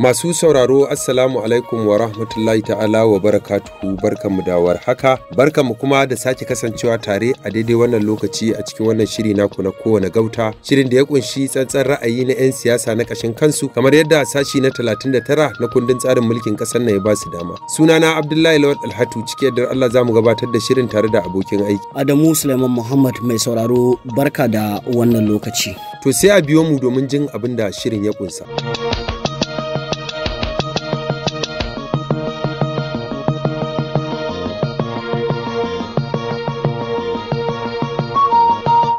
Masu sauraro Assalamu alaikum wa rahmatullahi ta'ala wa barakatuhu barkanmu da war haka barkanmu kuma da sake kasancewa tare a daidai wannan lokaci a cikin wannan shiri naku na kowane gauta shirin da ya kunshi tsantsan ra'ayi na 'yan siyasa na kashin kansu kamar yadda sashi na 39 na kundin tsarin mulkin kasar na ya ba su dama. Sunana Abdullahi Lawal Alhatu cike da Allah za mu gabatar da shirin tare da abokin aiki. Adamu Suleiman Muhammad mai sauraro barka da wannan lokaci. To sai a biyo mu domin jin abin da shirin ya kunsa.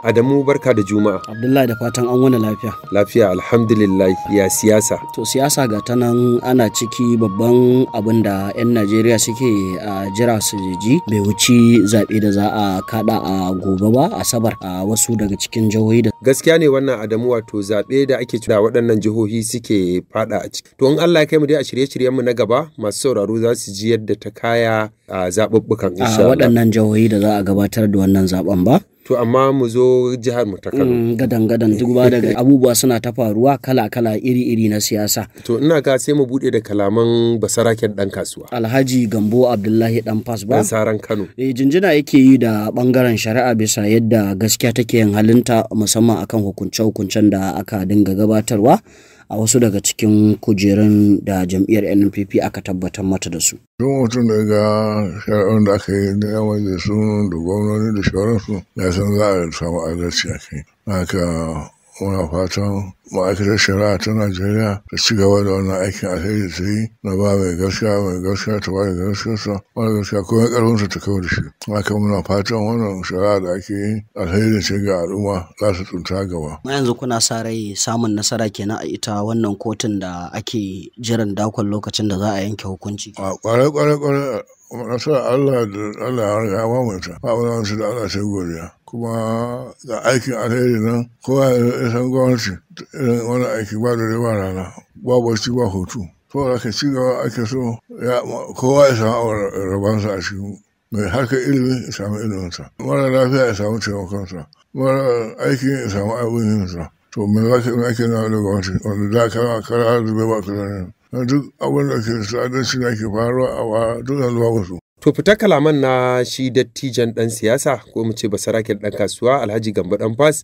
Adamu barka da Juma'a. Abdullahi da fatan an wani lafiya. Lafiya alhamdulillah ya siyasa. To siyasa ga ta nan ana ciki babban abin da 'yan Najeriya suke a jira su ji bai wuci zaɓe da za a kada a gobe ba sabar a wasu daga cikin jihohi da. Gaskiya ne wannan Adamu wato zaɓe da ake da waɗannan jihohi suke fada a ciki. To in Allah ya kai mu dai a shirye-shiryenmu na gaba masu sauraro za su ji yadda ta kaya a zaɓuɓɓukan. A waɗannan jihohi da za a gabatar da wannan zaɓen ba. to amma mu zo jihar mu ta Kano mm, gadan gadan duk ba daga abubuwa suna ta faruwa kala kala iri iri na siyasa to ina ga sai mu bude da kalaman basaraken dan kasuwa Alhaji Gambo Abdullahi dan fasba ba saran Kano eh jinjina yake yi da bangaren shari'a bisa yadda gaskiya take yin halinta musamman akan hukunce hukuncen da aka dinga gabatarwa a wasu daga cikin kujerun da jam'iyyar NPP aka tabbatar mata da su. Duk mutum da ga shari'ar da aka yi da yawan da su da gwamnoni da shawararsu ya san za a samu adalci a kai. Haka muna fatan ma'aikatar shari'a ta najeriya ta ci gaba da wannan aikin alheri ta yi na ba mai gaskiya mai gaskiya ta ba da gaskiyarsa wani gaskiya kuma karfinsa ta kawar da shi haka muna fatan wannan shari'a da ake yi alheri ce ga al'umma za su tsunta gaba. ma yanzu kuna sa rai samun nasara kenan a ita wannan kotun da ake jiran dakon lokacin da za a yanke hukunci. a kwarai kwarai kwarai nasara Allah da Allah ya riga ya ba wani da Allah sai godiya. kuma da aikin alheri nan kowa ya san gwamnati irin wani aiki ba da ba rana ba bacci ba hutu to da ka ci gaba ake so kowa ya samu rabansa a cikin mai harkar ilimi ya samu iliminsa mara lafiya ya samu taimakonsa mara aiki ya samu abincinsa to me za ka ake na da gwamnati wanda za ka kara zube ba kara duk abin da ke sa'adar shi ne ke faruwa a duk da zuwa wasu To fita kalaman na shi dattijan ɗan siyasa ko mu ce basarakin ɗan kasuwa Alhaji Gambo ɗan Fas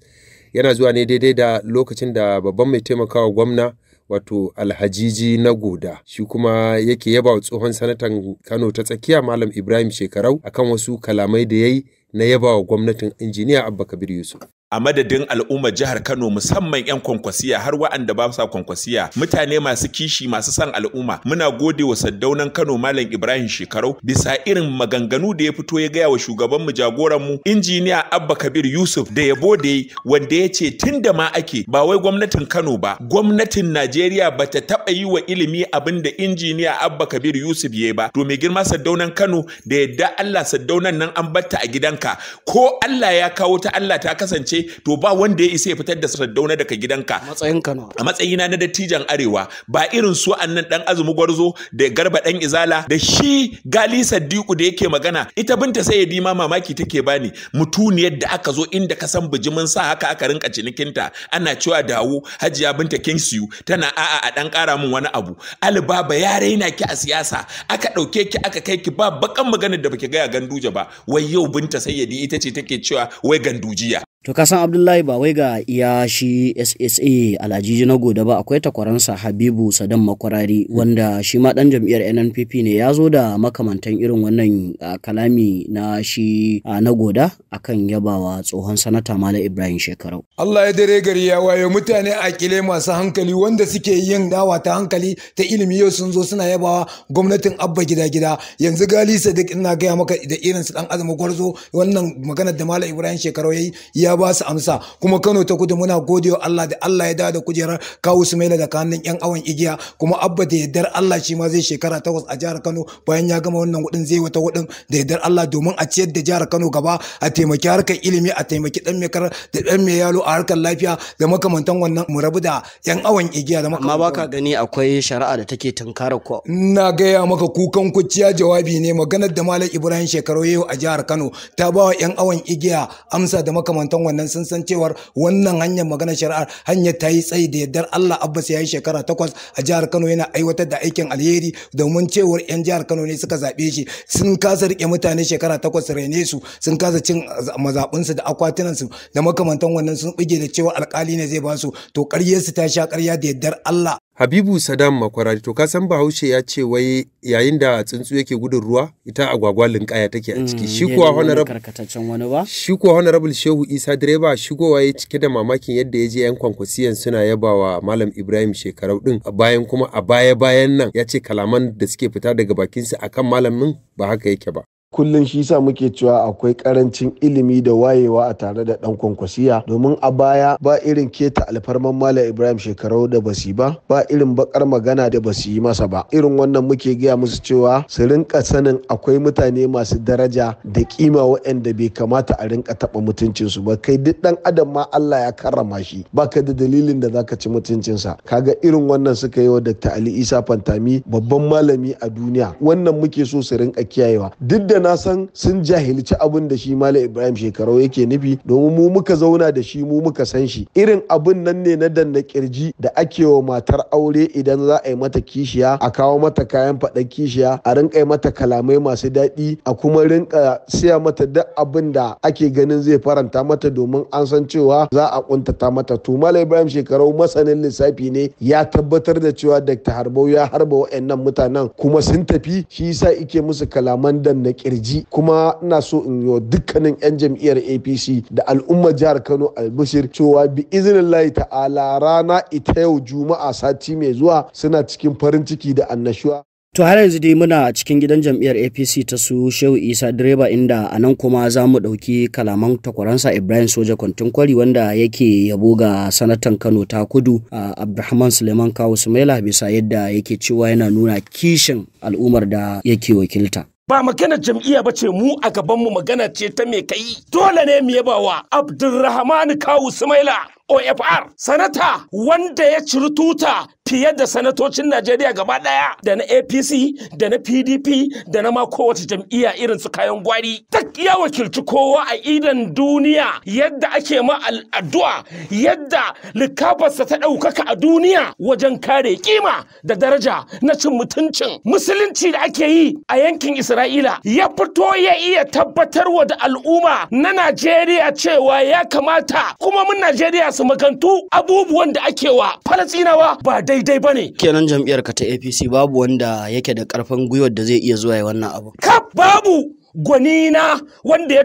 yana zuwa ne daidai da lokacin da babban mai taimakawa gwamna wato alhajiji na goda shi kuma yake yaba wa tsohon sanatan kano ta tsakiya malam ibrahim shekarau akan wasu kalamai da yayi na yaba wa gwamnatin injiniya abba kabir yusuf a madadin al'ummar jihar Kano musamman 'yan kwankwasiya har wa'anda ba sa kwankwasiya mutane masu kishi masu san al'umma muna gode wa saddaunan Kano Malam Ibrahim Shekarau bisa irin maganganu da ya fito ya gaya wa shugaban mu jagoran mu injiniya Abba Kabir Yusuf da yabo da yi, wanda ya ce tun ma ake ba wai gwamnatin Kano ba gwamnatin Najeriya ba ta taɓa yi wa ilimi abinda injiniya Abba Kabir Yusuf ya ba to mai girma saddaunan Kano da yadda Allah saddaunan nan an batta a gidanka ko Allah ya kawo ta Allah ta kasance ce to ba wanda ya isa ya fitar da sardauna daga gidanka matsayin Kano a matsayina na dattijan arewa ba irin su annan dan azumi gwarzo da garba dan izala da shi gali sadiku da yake magana ita binta sai ya di ma mamaki take bani mutuniyar da aka zo inda ka san bijimin sa haka aka rinka cinikinta ana cewa dawo hajiya binta siyu tana a'a a dan kara min wani abu alibaba ya raina ki a siyasa aka dauke ki aka kai ki ba bakan maganar da baki gaya ganduje ba wai yau binta sayyadi ita ce take cewa wai gandujiya To kasan Abdullahi ba wai ga iya shi SSA Alhaji na goda ba akwai takwaransa Habibu Sadan Makwarari wanda shi ma dan jam'iyyar NNPP ne ya zo da makamantan irin wannan kalami na shi na goda akan yabawa tsohon sanata Malam Ibrahim Shekarau. Allah ya dare gari ya wayo mutane a kile masu hankali wanda suke yin dawa ta hankali ta ilimi yau sun zo suna yabawa gwamnatin Abba gida gida yanzu Gali Sadiq ina gaya maka da irin su dan azumi gwarzo wannan maganar da Malam Ibrahim Shekarau yayi ya ba su amsa kuma Kano ta kudu muna gode wa Allah da Allah ya dawo da kujerar kawo Sumaila da kanin yan awon igiya kuma Abba da yaddar Allah shi ma zai shekara takwas a jihar Kano bayan ya gama wannan kudin zai wata kudin da yaddar Allah domin a ciyar da jihar Kano gaba a taimaki harkar ilimi a taimaki dan mai da dan mai yalo a harkar lafiya da makamantan wannan mu rabu da yan awon igiya da makamantan amma baka gani akwai shari'a da take tunkara ko na gaya maka kukan kuciya jawabi ne maganar da Malam Ibrahim shekaru yau a jihar Kano ta ba wa yan awon igiya amsa da makamantan akan wannan sun san cewar wannan hanyar magana shari'ar hanyar ta yi tsayi da yardar Allah Abbas ya yi shekara takwas a jihar Kano yana aiwatar da aikin alheri domin cewar 'yan jihar Kano ne suka zaɓe shi sun kasa riƙe mutane shekara takwas rene su sun kasa cin mazaɓinsu da akwatunansu da makamantan wannan sun ɓige da cewa alkali ne zai basu su to ƙaryarsu ta sha ƙarya da yardar Allah Habibu Sadam Makwara to ka san Bahaushe ya ce wai yayin da tsuntsu yake gudun ruwa ita agwagwa linkaya take a ciki mm, shi kuwa honorable shi kuwa Shehu Isa direba shigowa ya cike da mamakin yadda ya je yan kwankwasiyan suna yabawa Malam Ibrahim shekarau din bayan kuma a baya bayan nan ya ce kalaman da suke fita daga bakinsa akan malamin ba haka yake ba kullum shi sa muke cewa akwai karancin ilimi da wayewa a tare da dan kwankwasiya domin a baya ba irin keta alfarman malam ibrahim shekaru da basi ba ba irin bakar magana da basu yi masa ba irin wannan muke gaya musu cewa su rinka sanin akwai mutane masu daraja da kima waɗanda bai kamata a rinka taɓa mutuncinsu ba kai duk dan adam ma allah ya karrama shi Ba ka da dalilin da zaka ci mutuncinsa kaga irin wannan suka yi wa dr ali isa fantami babban malami a duniya wannan muke so su rinka kiyayewa duk da da na san sun jahilci abin da shi malam ibrahim shekarau yake nufi domin mu muka zauna da shi mu muka san shi irin abin nan ne na danna kirji da ake wa matar aure idan za a yi mata kishiya a kawo mata kayan faɗan kishiya a rinka mata kalamai masu daɗi a kuma rinka siya mata duk abin da ake ganin zai faranta mata domin an san cewa za a kuntata mata to malam ibrahim shekarau masanin lissafi ne ya tabbatar da cewa dr harbau ya harba wa'annan mutanen kuma sun tafi shi yasa ike musu kalaman danna kirji kirji kuma ina so in yi dukkanin 'yan jam'iyyar apc da al'ummar jihar kano albishir cewa bi iznillahi ta'ala rana ita yau juma'a sati mai zuwa suna cikin farin ciki da annashuwa To har yanzu dai muna cikin gidan jam'iyyar APC ta su Shehu Isa Direba inda a nan kuma za mu ɗauki kalaman takwaransa Ibrahim Soja Kwantin Kwari wanda yake yabo ga sanatan Kano ta kudu a Abdulrahman Suleiman Kawu Sumaila bisa yadda yake cewa yana nuna kishin al'ummar da yake wakilta. ba maganar jam'iyya ba ce mu a gabanmu magana ce ta mai kai dole ne mu yaba wa abdulrahman kawu sumaila OFR sanata wanda ya ciri tuta fiye da sanatocin Najeriya gaba ɗaya da na APC da na PDP da na ma kowace jam'iyya irin su kayan gwari tak ya wakilci kowa a idan duniya yadda ake ma al'addu'a yadda likafarsa ta ɗaukaka a duniya wajen kare kima da daraja na cin mutuncin musulunci da ake yi a yankin Isra'ila ya fito ya iya tabbatar wa da al'umma na Najeriya cewa ya kamata kuma mun Najeriya su makantu abubuwan da ake wa Falasinawa ba daidai bane. Kenan jam'iyyar ka ta APC babu wanda yake da karfin gwiwar da zai iya zuwa ya wannan abu. kap babu gwanina wanda ya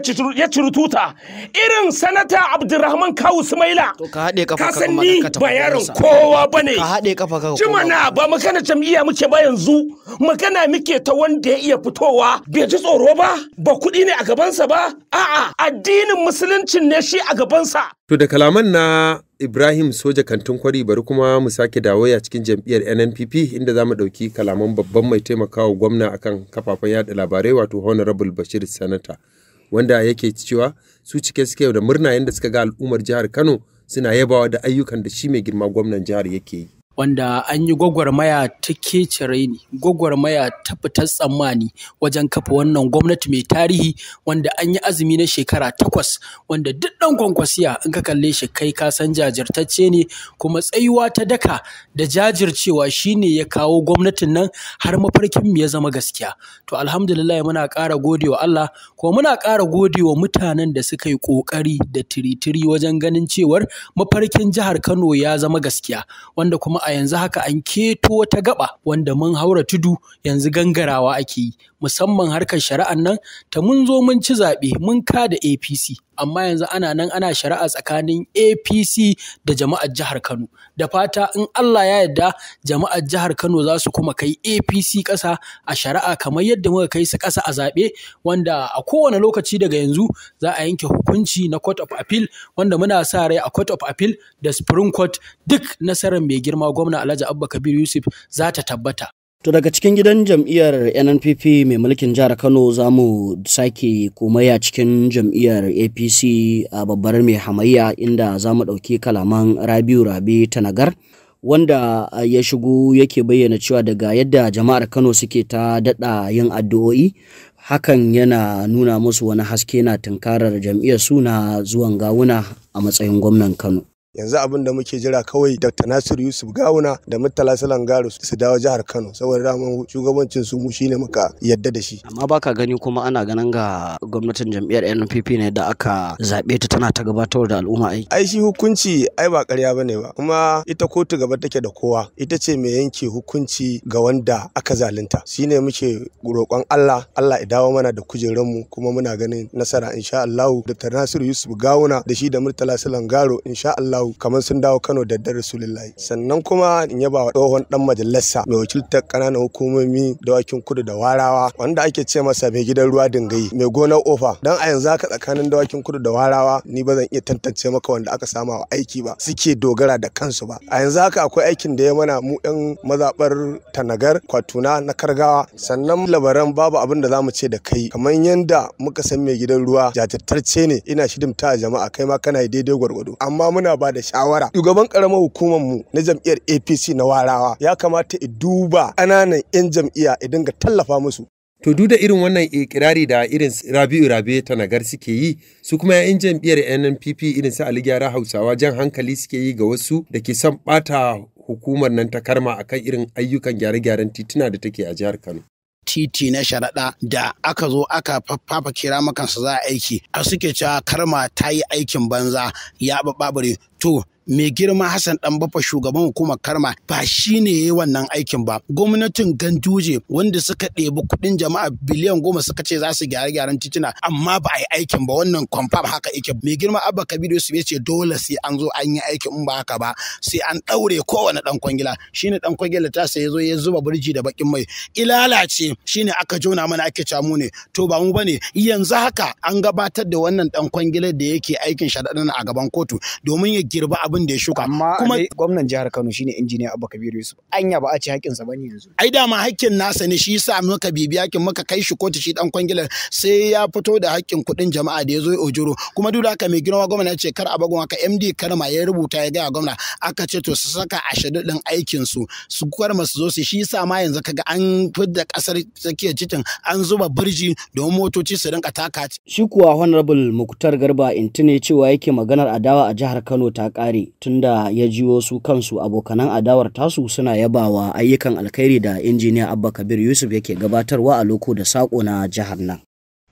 tuta irin sanata abdurrahman kawu sumaila ka san ni ba yaron kowa ba ne jimana ba makana jam'iyya muke ba yanzu magana muke ta wanda ya iya fitowa bai ji tsoro ba ba kuɗi ne a gabansa ba a'a addinin musuluncin ne shi a gabansa To da kalaman na Ibrahim Soja Kantin Kwari bari kuma mu sake dawo ya cikin jam'iyyar NNPP inda za mu ɗauki kalaman babban mai taimakawa gwamna akan kafafen yaɗa labarai wato Honorable Bashir Sanata wanda yake cewa su cike suke da murna yadda suka ga al'ummar jihar Kano suna yabawa da ayyukan da shi mai girma gwamnan jihar yake yi. wanda an yi gwagwarmaya ta kece raini gwagwarmaya ta fitar tsammani wajen kafa wannan gwamnati mai tarihi wanda an yi azumi na shekara takwas wanda duk ɗan kwankwasiya in ka kalle shi kai ka san jajirtacce ne kuma tsayuwa ta daka da jajircewa shine ya kawo gwamnatin nan har mafarkin mu ya zama gaskiya to alhamdulillah muna ƙara gode wa Allah kuma muna ƙara gode wa mutanen da suka yi ƙoƙari da tiritiri wajen ganin cewar mafarkin jihar Kano ya zama gaskiya wanda kuma a yanzu haka an keto wata gaba wanda mun haura tudu yanzu gangarawa ake yi musamman harkar shari'an nan ta mun zo mun ci zaɓe mun ka da APC amma yanzu ana nan ana shari'a tsakanin APC da jama'ar jihar Kano da fata in Allah ya yarda jama'ar jihar Kano za su kuma kai APC ƙasa a shari'a kamar yadda muka kai su ƙasa a zaɓe wanda a kowane lokaci daga yanzu za a yanke hukunci na Court of Appeal wanda muna sa rai a Court of Appeal da Supreme Court duk nasarar mai girma gwamna Alhaji Abba Kabir Yusuf za ta tabbata To daga cikin gidan jam'iyyar NNPP mai mulkin jihar Kano za mu sake komaya cikin jam'iyyar APC a babbar mai hamayya inda za mu ɗauki kalaman Rabiu Rabi Tanagar wanda ya shigo yake bayyana cewa daga yadda jama'ar Kano suke ta daɗa yin addu'o'i hakan yana nuna musu wani haske na tunkarar jam'iyyar suna zuwan gawuna a matsayin gwamnan Kano. yanzu abin da muke jira kawai dr nasir yusuf gawuna da murtala salangaro su dawo jihar kano saboda daman shugabancin su mu shine muka yadda da shi amma baka gani kuma ana ganin ga gwamnatin jam'iyyar NPP ne da aka zaɓe ta tana ta gabatar da al'umma ai ai shi hukunci ai ba ƙarya ne ba kuma ita kotu gaba take da kowa ita ce mai yanke hukunci ga wanda aka zalunta shine muke roƙon Allah Allah ya dawo mana da mu kuma muna ganin nasara insha Allah dr Nasir Yusuf Gawuna da shi da Murtala Salangaro insha Allah dawo kamar sun dawo Kano da dar Rasulullahi sannan kuma in yaba wa tsohon dan majalisa mai wakiltar kananan hukumomi da dawakin kudu da warawa wanda ake ce masa mai gidan ruwa dingayi mai gonar ofa dan a yanzu haka tsakanin dawakin kudu da warawa ni ba zan iya tantance maka wanda aka sama wa aiki ba suke dogara da kansu ba a yanzu haka akwai aikin da ya mana mu yan mazabar tanagar kwatuna na kargawa sannan labaran babu abin da zamu ce da kai kamar yanda muka san mai gidan ruwa jajirtarce ne ina shidimta jama'a kai ma kana daidai gwargwado amma muna ba da shawara shugaban karamar hukumar mu na jam'iyyar APC na warawa ya kamata ya duba ƙananan 'yan jam'iyya ya dinga tallafa musu to duk da irin wannan ikirari da irin rabi'u rabe ta nagar suke yi su kuma yan jam'iyyar nnpp irin su ali gyara hausawa jan hankali suke yi ga wasu da ke son bata hukumar nan ta karma akan irin ayyukan gyare-gyaren tituna da take a jihar kano titi na sharaɗa da aka zo aka fafa kira makansa za a aiki a suke cewa karma ta yi aikin banza ya ɓaɓɓaɓare to mai girma Hassan Ɗanbafa shugaban hukumar Karma ba shi ne ya yi wannan aikin ba. Gwamnatin Ganduje wanda suka ɗebi kuɗin jama'a biliyan goma suka ce za su gyara gyaran tituna amma ba a yi aikin ba wannan kwamfam haka yake. Mai girma Abba Kabiru Yusuf ya ce dole sai an zo an yi aikin in ba haka ba sai an ɗaure kowane ɗan kwangila shine ɗan kwangila ta sai ya zo ya zuba burji da baƙin mai ilalace shine aka jona mana ake camu ne to ba mu bane yanzu haka an gabatar da wannan ɗan kwangilar da yake aikin shaɗaɗa a gaban kotu domin ya girba abu abin da ya shuka amma kuma gwamnan jihar Kano shine injiniya Abba Kabiru Yusuf anya ba a ci hakkin sa bane yanzu ai dama hakkin nasa ne shi yasa muka bibiya kin muka kai shi kotu shi dan kwangilan sai ya fito da hakkin kuɗin jama'a da ya zo Ojoro kuma duk da haka mai girma gwamna ya ce kar a bagon haka MD Karma ya rubuta ya ga gwamna aka ce to su saka a shadudin aikin su su kwarma su zo su shi yasa ma yanzu kaga an fidda kasar tsakiyar titin an zuba birji domin motoci su rinka taka shi kuwa honorable Muktar Garba Intine cewa yake maganar adawa a jihar Kano ta kare tunda ya jiwo su kansu abokanan adawar tasu suna yabawa ayyukan alkhairi da injiniya abba kabir yusuf yake gabatarwa a loko da sako na jihar nan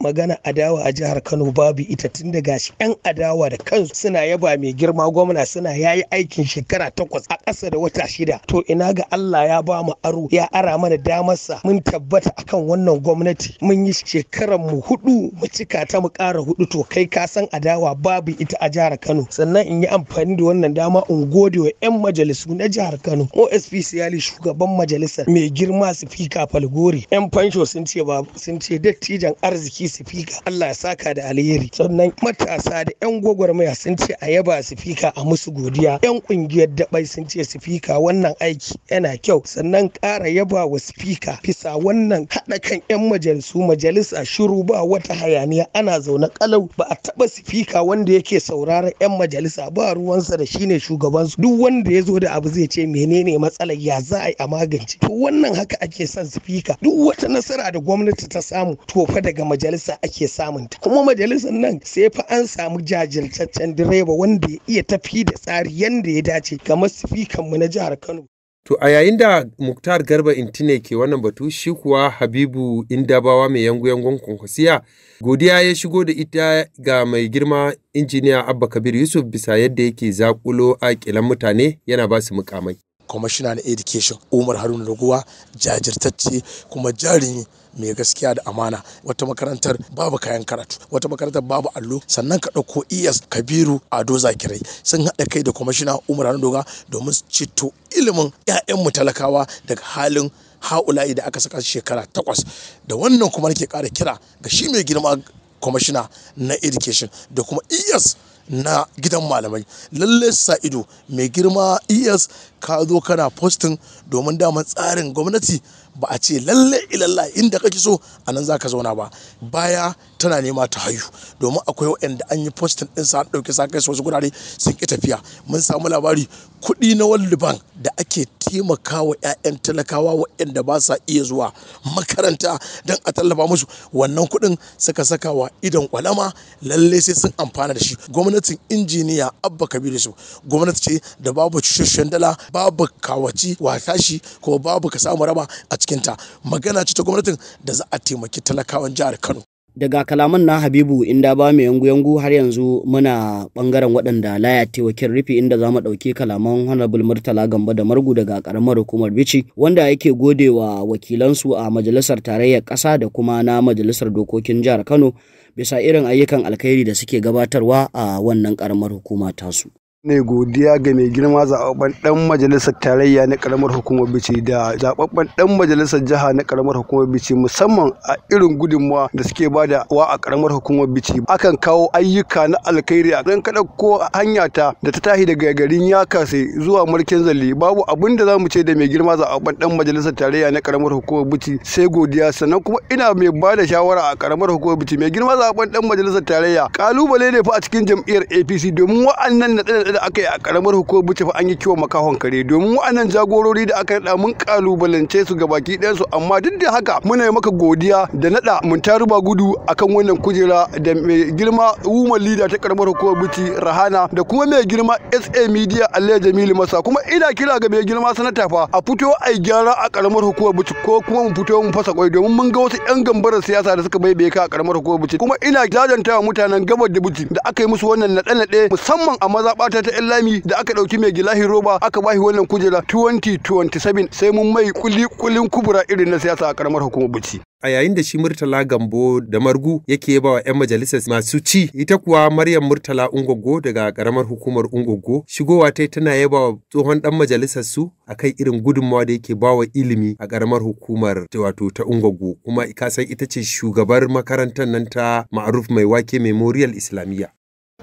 magana adawa a jihar Kano babu ita tun da gashi 'yan adawa da kansu suna yaba mai girma gwamna suna yayi aikin shekara takwas a ƙasa da wata shida to ina ga Allah ya ba mu aro ya ara mana damarsa mun tabbata akan wannan gwamnati mun yi shekaran mu hudu mu cika ta mu ƙara hudu to kai ka san adawa babu ita a jihar Kano sannan in yi amfani da wannan dama in gode wa 'yan majalisu na jihar Kano OSP Siyali shugaban majalisar mai girma sifika Falgore 'yan fansho sun ce sun ce dattijan arziki sifika Allah ya saka da alheri sannan matasa da yan gwagwarmaya sun ce a yaba sifika a musu godiya yan kungiyar dabai sun ce sifika wannan aiki yana kyau sannan ƙara yaba wa sifika bisa wannan haɗa kan yan majalisu majalisa shiru ba wata hayaniya ana zaune kalau ba a taɓa sifika wanda yake sauraron yan majalisa ba ruwansa da shine shugabansu duk wanda ya zo da abu zai ce menene matsalar ya za a yi a magance to wannan haka ake son sifika duk wata nasara da gwamnati ta samu to fa daga majalisa majalisa ake samun ta kuma majalisar nan sai fa an samu jajirtaccen direba wanda ya iya tafi da tsari yadda ya dace ga sifikan mu na jihar Kano To a yayin da Muktar Garba Intine ke wannan batu shi kuwa Habibu Indabawa mai yangu-yangon kwankwasiya godiya ya shigo da ita ga mai girma injiniya Abba Kabir Yusuf bisa yadda yake zakulo kilan mutane yana ba su mukamai. Commissioner na Education Umar Haruna Raguwa jajirtacce kuma jarumi mai gaskiya da amana wata makarantar babu kayan karatu wata makarantar babu allo sannan ka ɗauko iyas e kabiru ado zakirai sun haɗa kai da kwamishina umar doga domin ceto ilimin 'ya'yanmu talakawa daga halin haulayi da aka saka shekara takwas da wannan kuma nake ƙara kira ga shi mai girma kwamishina na education da kuma es na gidan malamai lalle sa ido mai girma es ka zo kana postin domin daman tsarin gwamnati ba a ce lalle ilallah inda kake so a nan za ka zauna ba baya tana nema ta hayu domin akwai waɗanda an yi postin din sa ɗauki sa kai su wasu gurare sun ki tafiya mun samu labari kuɗi na World Bank da ake taimakawa 'ya'yan talakawa waɗanda ba sa iya zuwa makaranta don a tallafa musu wannan kuɗin suka saka wa idan kwalama lalle sai sun amfana da shi gwamnatin injiniya abba kabiru su gwamnati ce da babu cishishen dala babu kawaci wa tashi ko babu ka samu raba a cikin ta magana ce ta gwamnatin da za a taimaki talakawan jihar kano daga kalaman na habibu inda ba mai yangu yangu har yanzu muna bangaren waɗanda laya wakil rufi inda za mu ɗauki kalaman honorable murtala gamba da margu daga ƙaramar hukumar Bichi, wanda yake gode wa wakilansu a majalisar tarayyar ƙasa da kuma na majalisar dokokin jihar kano bisa irin ayyukan alkhairi da suke gabatarwa a wannan ƙaramar hukuma tasu ne godiya ga mai girma zaɓaɓɓen dan majalisar tarayya na karamar hukumar bici da zaɓaɓɓen dan majalisar jiha na karamar hukumar bici musamman a irin gudunmawa da suke bada wa a karamar hukumar bici akan kawo ayyuka na alkhairi a kan kada ko hanya ta da ta tahi daga garin yaka sai zuwa markin zalli babu abin da za mu ce da mai girma zaɓaɓɓen dan majalisar tarayya na karamar hukumar bici sai godiya sannan kuma ina mai bada shawara a karamar hukumar bici mai girma zababben dan majalisar tarayya kalubale ne fa a cikin jam'iyyar APC domin wa'annan na da aka yi a ƙaramar hukumar buce fa an yi kiwon makahon kare domin wa'annan jagorori da aka naɗa mun kalubalance su ga baki su amma duk da haka muna yi maka godiya da naɗa mun taruba gudu akan wannan kujera da mai girma woman leader ta karamar hukumar buci rahana da kuma mai girma sa media alayya jamilu masa kuma ina kira ga mai girma sanata fa a fito a yi gyara a karamar hukumar buci ko kuma mu fito mu fasa kwai domin mun ga wasu 'yan gambarar siyasa da suka baibaye ka a ƙaramar hukumar buci kuma ina jajanta wa mutanen gabar da buci da aka yi musu wannan naɗe-naɗe musamman a mazaɓata ta yan Lami da aka ɗauki mai gilahi roba aka bashi wannan kujera 2027 sai mun mai kuli kulin kubura irin na siyasa a karamar hukumar Bauchi a yayin da shi Murtala Gambo da Margu yake ba wa 'yan majalisar masu ci ita kuwa Maryam Murtala Ungogo daga karamar hukumar Ungogo shigowa ta tana yaba wa tsohon dan majalisar su kai irin gudunmawa da yake bawa ilimi a karamar hukumar wato ta Ungogo kuma ka ita ce shugabar makarantar nan ta Ma'aruf Mai Wake Memorial Islamiyya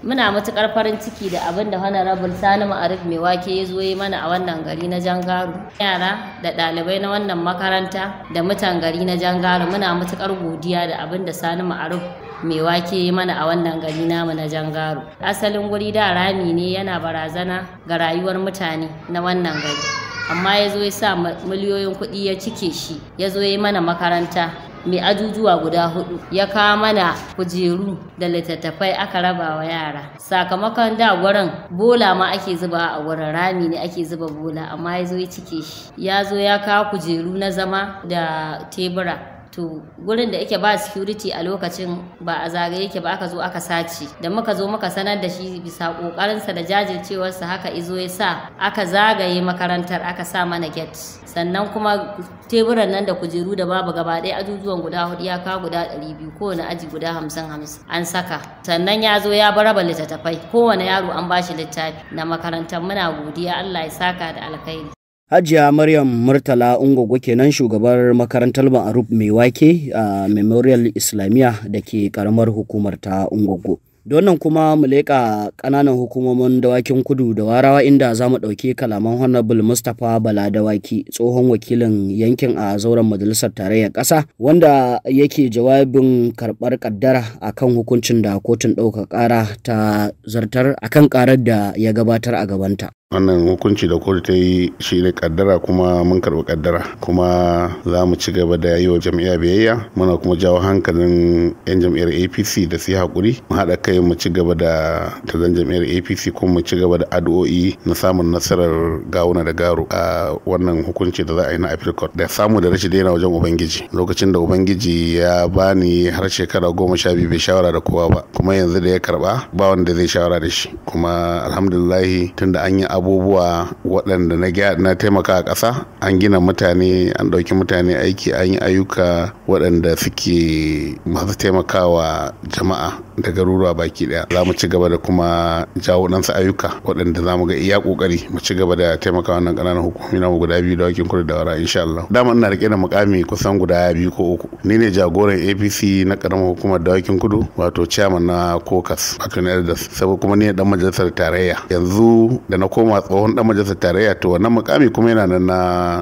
muna matuƙar farin ciki da abin da honorable sani ma'arif mai wake ya zo yi mana a wannan gari na jangaro. yara da ɗalibai na wannan makaranta da mutan gari na jangaro muna matuƙar godiya da abin da sani ma'arif mai wake yi mana a wannan gari namu na jangaro. asalin guri da rami ne yana barazana ga rayuwar mutane na wannan gari amma ya zo ya sa miliyoyin kuɗi ya cike shi ya zo ya mana makaranta mai ajujuwa guda hudu ya kawo mana kujeru da littattafai aka raba wa yara sakamakon da wurin bola ma ake zuba a wurin rami ne ake zuba bola amma ya zo ya cike shi ya zo ya kawo kujeru na zama da tebura to gurin da yake ba security a lokacin ba a zagaye yake ba aka zo aka sace da muka zo muka sanar da shi bisa kokarinsa da jajircewarsa haka izo ya sa aka zagaye makarantar aka sa mana get sannan kuma teburan nan da kujeru da babu gaba ɗaya ajujuwan guda hudu ya ka guda ɗari biyu kowane aji guda hamsin hamsin an saka sannan ya zo ya baraba littattafai kowane yaro an bashi littafi na makarantar muna godiya Allah ya saka da alkhairi Hajiya Maryam Murtala Ungogo kenan shugabar makarantar Ma'arub mai wake a Memorial Islamiyya da ke karamar hukumar ta Ungogo. Donnan kuma mu leƙa ƙananan hukumomin dawakin kudu da warawa inda za mu ɗauki kalaman Honorable Mustapha Bala Dawaki tsohon wakilin yankin a zauren majalisar tarayyar ƙasa wanda yake jawabin karɓar ƙaddara a kan hukuncin da kotun ɗauka ƙara ta zartar akan ƙarar da ya gabatar a gabanta. wannan hukunci da kotu ta yi shi ne kaddara kuma mun karɓi kaddara kuma za mu ci gaba da yi wa jam'iyya biyayya muna kuma jawo hankalin 'yan jam'iyyar apc da su yi haƙuri mu haɗa kai mu ci gaba da tazan jam'iyyar apc kuma mu ci gaba da addu'o'i na samun nasarar gawuna da garu a wannan hukunci da za a yi na apricot da samu da rashin daina wajen ubangiji lokacin da ubangiji ya bani har shekara goma sha biyu bai shawara da kowa ba kuma yanzu da ya karɓa ba wanda zai shawara da shi kuma alhamdulillahi tunda an yi abubuwa waɗanda na taimaka a ƙasa an gina mutane an ɗauki mutane aiki an yi ayyuka waɗanda suke masu taimakawa jama'a da garuruwa baki daya za mu ci gaba da kuma jawo ɗansa ayyuka waɗanda za mu ga iya ƙoƙari mu ci gaba da taimaka wannan ƙananan hukumomi na guda biyu da wakin kudu da wara insha Allah dama ina rike da mukami kusan guda biyu ko uku ni ne jagoran APC na ƙaramar hukumar dawakin kudu wato chairman na caucus wato na elders Sabo kuma ni ne dan majalisar tarayya yanzu da na koma tsohon dan majalisar tarayya to wannan mukami kuma yana nan na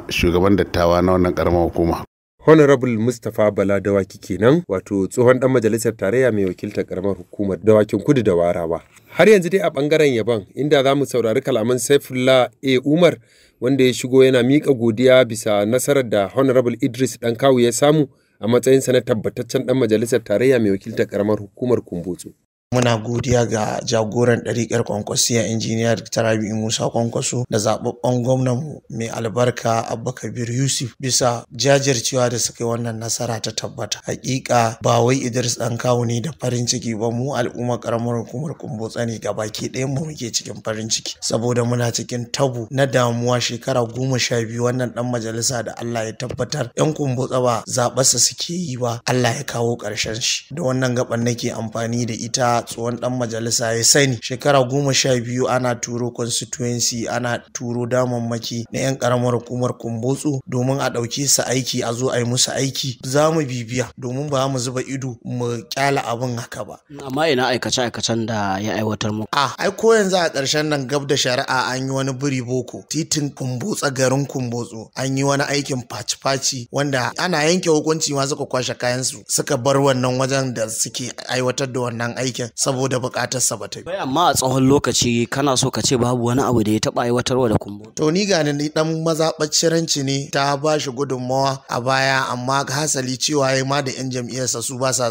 shugaban dattawa na wannan ƙaramar hukuma Honorable Mustapha Bala Dawaki kenan wato tsohon dan majalisar tarayya mai wakiltar karamar hukumar Dawakin Kudu da Warawa. Har yanzu dai a bangaren Yaban, inda za mu saurari kalaman Saifullah A Umar wanda ya shigo yana miƙa godiya bisa nasarar da Honorable Idris kawu ya samu a matsayinsa na tabbataccen dan majalisar tarayya mai wakiltar karamar hukumar Kumbotso. Muna godiya ga jagoran ɗariƙar Kwankwasiyya Injiniya Injiniyar Rabi'u Musa Kwankwaso da zaɓaɓɓen gwamnanmu mai albarka Abba Kabir Yusuf bisa jajircewa da suka yi wannan nasara ta tabbata. Hakika ba wai Idris ɗan kawo ne da farin ciki ba mu al'umma ƙaramar hukumar Kumbotsa ne baki ɗaya mu muke cikin farin ciki saboda muna cikin tabu na damuwa shekara goma sha biyu wannan ɗan majalisa da Allah ya tabbatar 'yan Kumbotsa ba zaɓarsa suke yi ba Allah ya kawo ƙarshen shi. Da wannan gaban nake amfani da ita tsohon dan majalisa ya sani shekara goma sha biyu ana turo constituency ana turo damammaki na yan karamar hukumar kumbotsu domin a ɗauke su aiki a zo a yi musu aiki za mu bibiya domin ba mu zuba ido mu kyala abin haka ba amma ina aikace aikacen da ya aiwatar mu a ah, ai ko yanzu a ƙarshen nan gab da shari'a an yi wani biri boko titin kumbotsa garin kumbotso an yi wani aikin faci-faci wanda ana yanke hukunci ma suka kwashe kayan su suka bar wannan wajen da suke aiwatar da wannan aikin wajen saboda bukatarsa ba ta yi. amma a tsawon lokaci kana so ka ce babu wani abu da ya taɓa aiwatarwa da kumbo. to ni gani ni dan mazaɓacciranci ne ta ba shi gudunmawa a baya amma hasali cewa ya ma da 'yan jam'iyyarsa su ba sa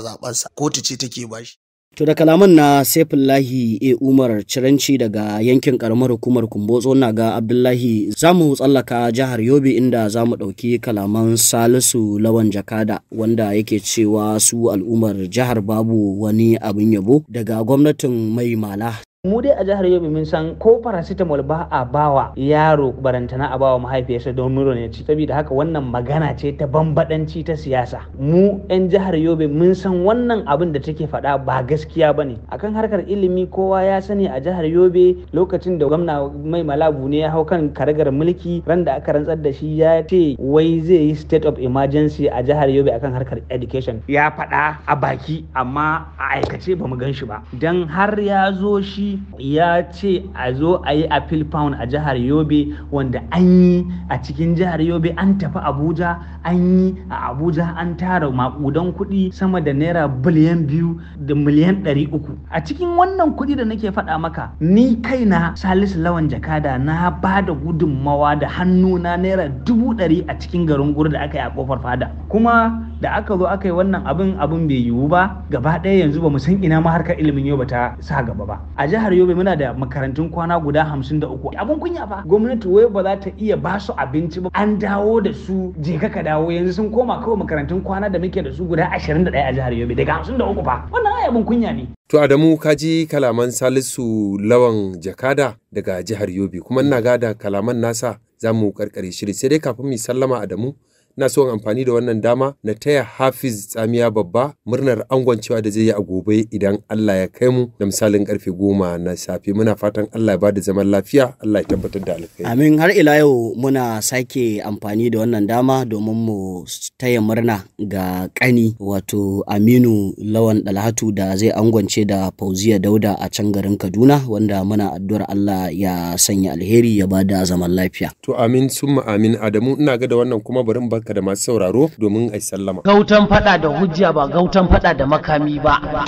kotu ce take ba shi. To da kalaman na Saifullahi A Umar Ciranci daga yankin karamar hukumar Kumbotso na ga Abdullahi za mu tsallaka jihar Yobe inda za mu ɗauki kalaman Salisu Lawan Jakada wanda yake cewa su al'ummar jihar babu wani abin yabo daga gwamnatin mai mala mu dai a jihar yobe mun san ko paracetamol ba a bawa yaro barantana a bawa mahaifiyarsa don nuna ne ci saboda haka wannan magana ce ta bambadanci ta siyasa mu yan jihar yobe mun san wannan abin da take faɗa ba gaskiya bane akan harkar ilimi kowa ya sani a jihar yobe lokacin da gwamna mai malabu ne ya hau kan karagar mulki ran da aka rantsar da shi ya ce wai zai yi state of emergency a jihar yobe akan harkar education ya faɗa a baki amma a aikace ba mu gan shi ba dan har ya zo shi ya ce a zo a yi a filfawun a jihar yobe wanda an yi a cikin jihar yobe an tafi abuja an yi a abuja an tara makudan kudi sama da naira biliyan biyu da miliyan ɗari uku a cikin wannan kudi da nake faɗa maka ni kaina salisu lawan jakada na ba da gudunmawa da hannu na naira dubu ɗari a cikin garin guri da aka yi a kofar fada kuma da aka zo aka yi wannan abin abin bai yiwu ba gaba ɗaya yanzu ba mu san ina ma harkar ilimin yau ba ta sa gaba ba a jihar yobe muna da makarantun kwana guda hamsin da uku abin kunya ba gwamnati wai ba za ta iya ba su abinci ba an dawo da su je ka dawo yanzu sun koma kawai makarantun kwana da muke da su guda ashirin da ɗaya a jihar yobe daga hamsin da uku fa wannan abin kunya ne To Adamu ka ji kalaman Salisu Lawan Jakada daga jihar Yobe kuma ina gada kalaman nasa za mu karkare shiri sai dai kafin mu sallama Adamu ina so amfani da wannan dama na taya Hafiz Tsamiya babba murnar angon cewa da zai yi a gobe idan Allah ya kai mu da misalin karfe goma na safe muna fatan Allah ya bada zaman lafiya Allah ya tabbatar da alkhairi amin har ila yau muna sake amfani da wannan dama domin mu taya murna ga kani wato Aminu Lawan Dalhatu da zai angwance da Fauziya Dauda a can garin Kaduna wanda muna addu'ar Allah ya sanya alheri ya bada zaman lafiya to amin summa amin Adamu ina ga da wannan kuma bari ba. Amurka da masu sauraro domin a sallama. Gautan faɗa da hujja ba gautan faɗa da makami ba.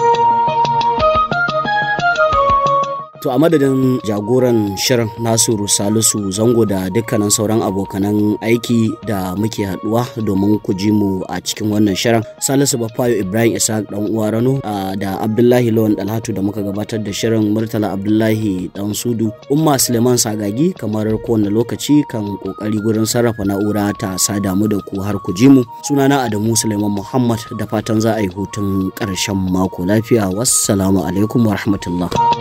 To a madadin jagoran shirin Nasiru Salisu Zango da dukkanin sauran abokanan aiki da muke haduwa domin ku ji mu a cikin wannan shirin. Salisu Bafayo Ibrahim isa dan uwa Rano da Abdullahi Lawan Dalhatu da muka gabatar da shirin Murtala Abdullahi dan Sudu. Umma Suleiman Sagagi kamar kowane lokaci kan kokari gurin sarrafa na'ura ta sada mu da ku har ku ji mu. Sunana Adamu Suleiman Muhammad da fatan za a yi hutun karshen mako lafiya. Wassalamu alaikum warahmatullahi.